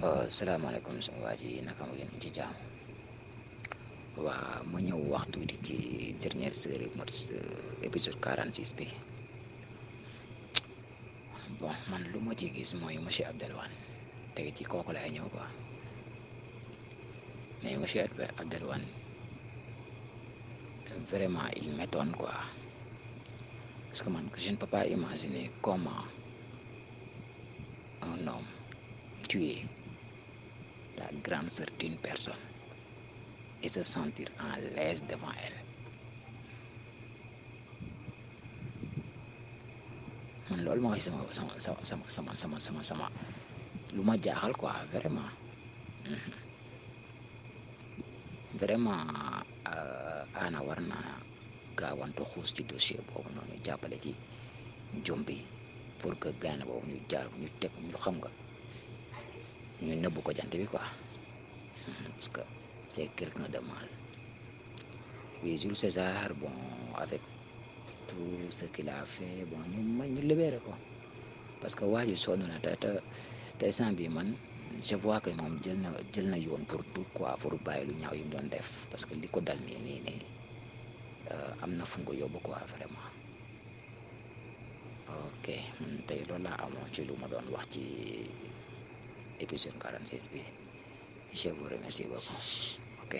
Euh, salaamaaleykum sama waa ji naka mu yéen ci waa ma ñëw wax tuuti ci dernière série mot euh, épisode bi bon man lu ma ci gis mooy monsieur Abdelwane teg ci kooku laay ñëw quoi mais monsieur Abdelwane vraiment il m'étonne quoi parce que man je ne peux pas comment un homme tué grande sœur d'une personne et se sentir à l'aise devant elle man loolu mooy sama sama sama sama sama sama sama lu ma jaaxal quoi vraiment mhm. vraiment euh, ana war naa gaawantu xuus ci dossier boobu noonu jàppale ci jombi pour que gaynde boobu ñu jaar ñu teg ñu xam nga ñu nëbbu ko jant bi quoi parce que c'est quelqu'un de mal. Puis Jules César, bon, avec tout ce qu'il a fait, bon, ñu ñu ko parce que waa ji sonn te te te bi man je vois que moom jël na jël na yoon pour tout quoi pour bàyyi lu ñaaw yi mu doon def parce que li ko dal nii nii euh, am na fu nga yóbbu quoi vraiment ok tey loolu laa amoon ci lu ma doon wax ci épisode 46 bi. się w górę, merci beaucoup. OK.